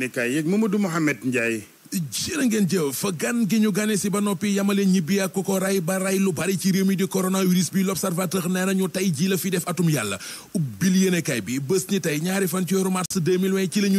ne kaay yeeg Mamadou Mouhamed Ndiaye jërë ngeen jëf gan gi ñu gane si ba noppi yamale ñibbi ak ko ci réew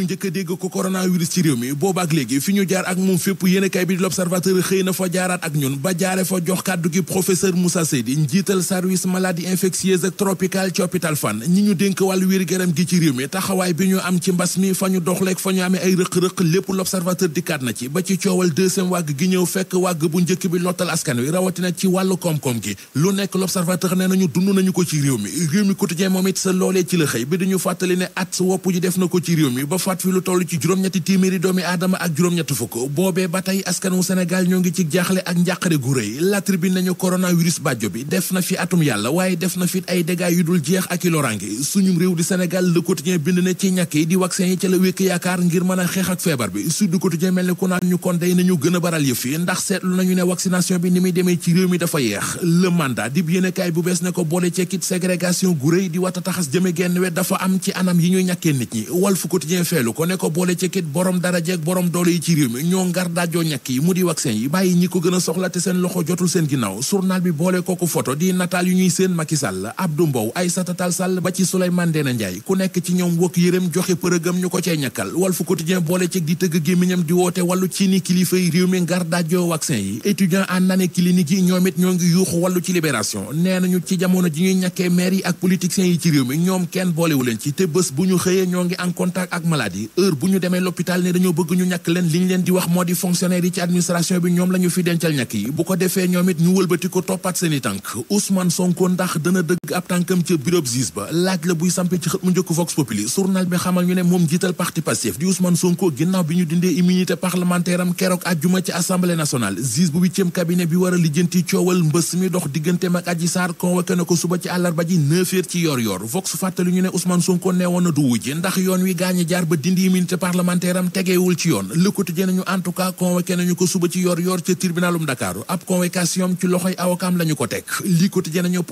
njëkk a dégg ko coronavirus ci réew mi boobaak léegi fi ñu jaar ak moom fépp yéenekaay bi di l'observateur xëy na fa jaaraat ak ñun ba jaare fa jox kàddu gi professeur Moussa Seydi njiital service maladie infectieuse ak tropicale ci hôpital Fann ñi ñu dénk wàllu wér gu gi ci réew mi taxawaay bi ñu am ci mbas mi fa ñu doxleeg fa ñu amee ay rëq-rëq lépp l'observateur dikkaat na ci gi ba ci coowal deuxième wàgg gi ñëw fekk wàgg bu njëkk bi lottal askan wi rawatina ci wàllu koom-koom gi lu nekk l'observateur nee nañu dund nañu ko ci réew mi réew mi quotidien moom it sa loolee ci la xëy bi dañu fàttali ne at wopp ji def na ko ci réew mi ba faat fi lu toll ci juróom-ñetti téeméeri doomi aadama ak juróom-ñetti fukk boobee ba tey askan wu Sénégal ñoo ngi ci jaaxle ak njàqare gu rëy la tribune nañu coronavirus bàjjo bi def na fi atum yàlla waaye def na fit ay dégâts yu dul jeex ak i loraange suñum réew di Sénégal le quotidien na ci ñàkk yi di vaccin yi ca la wékk yaakaar ngir a xeex ak feebar bi Sud Quotidien mel ne ku naan ñu kon day nañu gën a baral yëf yi ndax seetlu nañu ne vaccination bi ni muy demee ci réew mi dafa yeex le mandat dib yéenekaay bu bees ne ko boole cekkit ségrégation gu rëy di wata taxas jëme genn wet dafa am ci anam yi ñuy ñàkkee nit ñi Walf Quotidien feelu ko ne ko boole cekkit borom darajeeg borom doole yi ci réew mi ñoo ngar daajoo ñàkk yi mu di vaccin yi bàyyi ñi ko gën a soxla te seen loxo jotul seen ginnaaw journal bi boole kooku photo di nataal wàllu ci ni kilifa yi réew mi ngar daajoo vaccin yi étudiant en année clinique yi ñoom it ñoo ngi yuuxu wàllu ci libération nee nañu ci jamono ji ñuy ñàkkee maire yi ak politiciens yi ci réew ñoom kenn boolewu leen ci te bés bu ñu xëyee ñoo ngi en contact ak maladie heure bu ñu demee l'hôpital ne dañoo bëgg ñu ñàkk leen li ñu leen di wax moo di fonctionnaire yi ci administration bi ñoom la fi dencal ñàkk yi bu ko defee ñoom ñu wëlbati ko toppaat seeni parlementaire am keroog àjjuma ci assemblée nationale juge bu huitième cabinet bi war a lijjanti coowal mbës mi dox digganteem ak Adji Sarr na ko suba ci àllarba ji ci yor yor vox fàttali ñu ne Ousmane Sonko neewoon na du ndax yoon wi gaañi jaar ba dindi immunité parlementaire am tegeewul ci yoon Le Quotidien nañu en tout nañu ko suba ci yor yor ca tribunalum Dakaaru ab convocation ci loxoy awakaam la ñu ko teg Le Quotidien nañu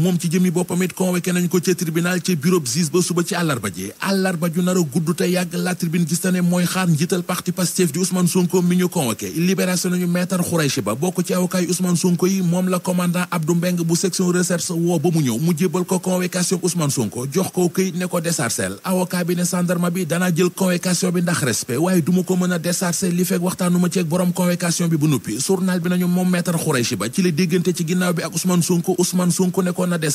na ci jëmi boppam it convoqué nañu ko ca tribunal ca bureau juge ba suba ci àllarba ji àllarba ju nar gudd te yàgg la tribune gis na ne mooy xaar njiital parti Pastef di Ousmane Sonko mi ñu convoqué libération nañu maître Khouraychi Ba bokk ci avocat yi Ousmane ko convocation Ousmane Sonko jox ko këyit ne ko desarcel avocat bi ne gendarme bi danaa jël convocation bi ndax respect waaye duma ko mën desarcel li fekk waxtaanu ma ceeg borom convocation bi bu noppi journal bi nañu moom maître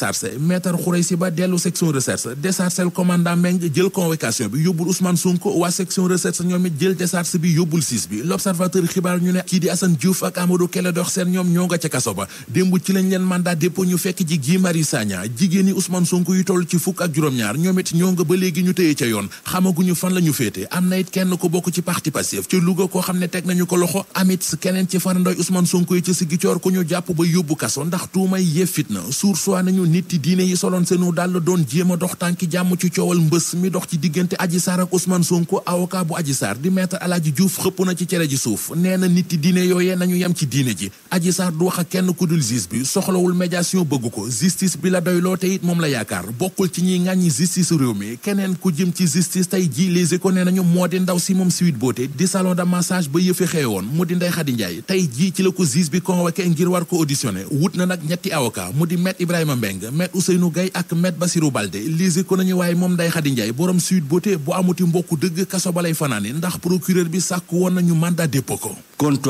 décharcé maître Khoureysi Ba dellu section recherche décharcel commandant jël convocation bi yóbbul Ousmane Sonko waa section recherche ñoom jël décharge bi yóbbul siis bi l'observateur xibaar ñu ne kii di Assane Diouf ak Amadou Kélé dox seen ñoom ñoo nga ca kaso ba démb ci lañ leen mandat dépôt ñu fekk ji Guy Marius Sagna jigéen yi Ousmane Sonko toll ci fukk ak juróom-ñaar ñoom ñoo nga ba léegi ñu téye ca yoon xamaguñu fan la féete am na it kenn ko bokk ci parti nit yi diine yi soloon seenu dàll doon jéem a dox tànki jàmm ci coowal mbës mi dox ci diggante Adji ak Ousmane Sonko avocat bu Adji di maître Alaaji Diouf xëpp na ci cere ji suuf nee na nit yi diine yooyee nañu yem ci diine ji Adji Sarr du wax ak kenn ku dul justice bi soxlawul médiation bëgg ko justice bi la doyloo te it moom la yaakaar bokkul ci ñuy ŋàññi justice réew mi keneen ku jëm ci justice tey ji Les Échos nee nañu moo di ndaw si moom Sweet Beauté di salon de massage ba yëfi xeewoon mu di Ndeye Khady la bi convoqué ngir war ko na nag ñetti ga maître Ousseynou Gaye ak maître Bassirou Baldé lise ko nañu waaye moom Ndeye Khady Ndiaye borom Sweet Beauté bu amuti mbokku dëgg kaso balay fanaane ndax procureur bi sàkk woon nañu mandat dépôt ko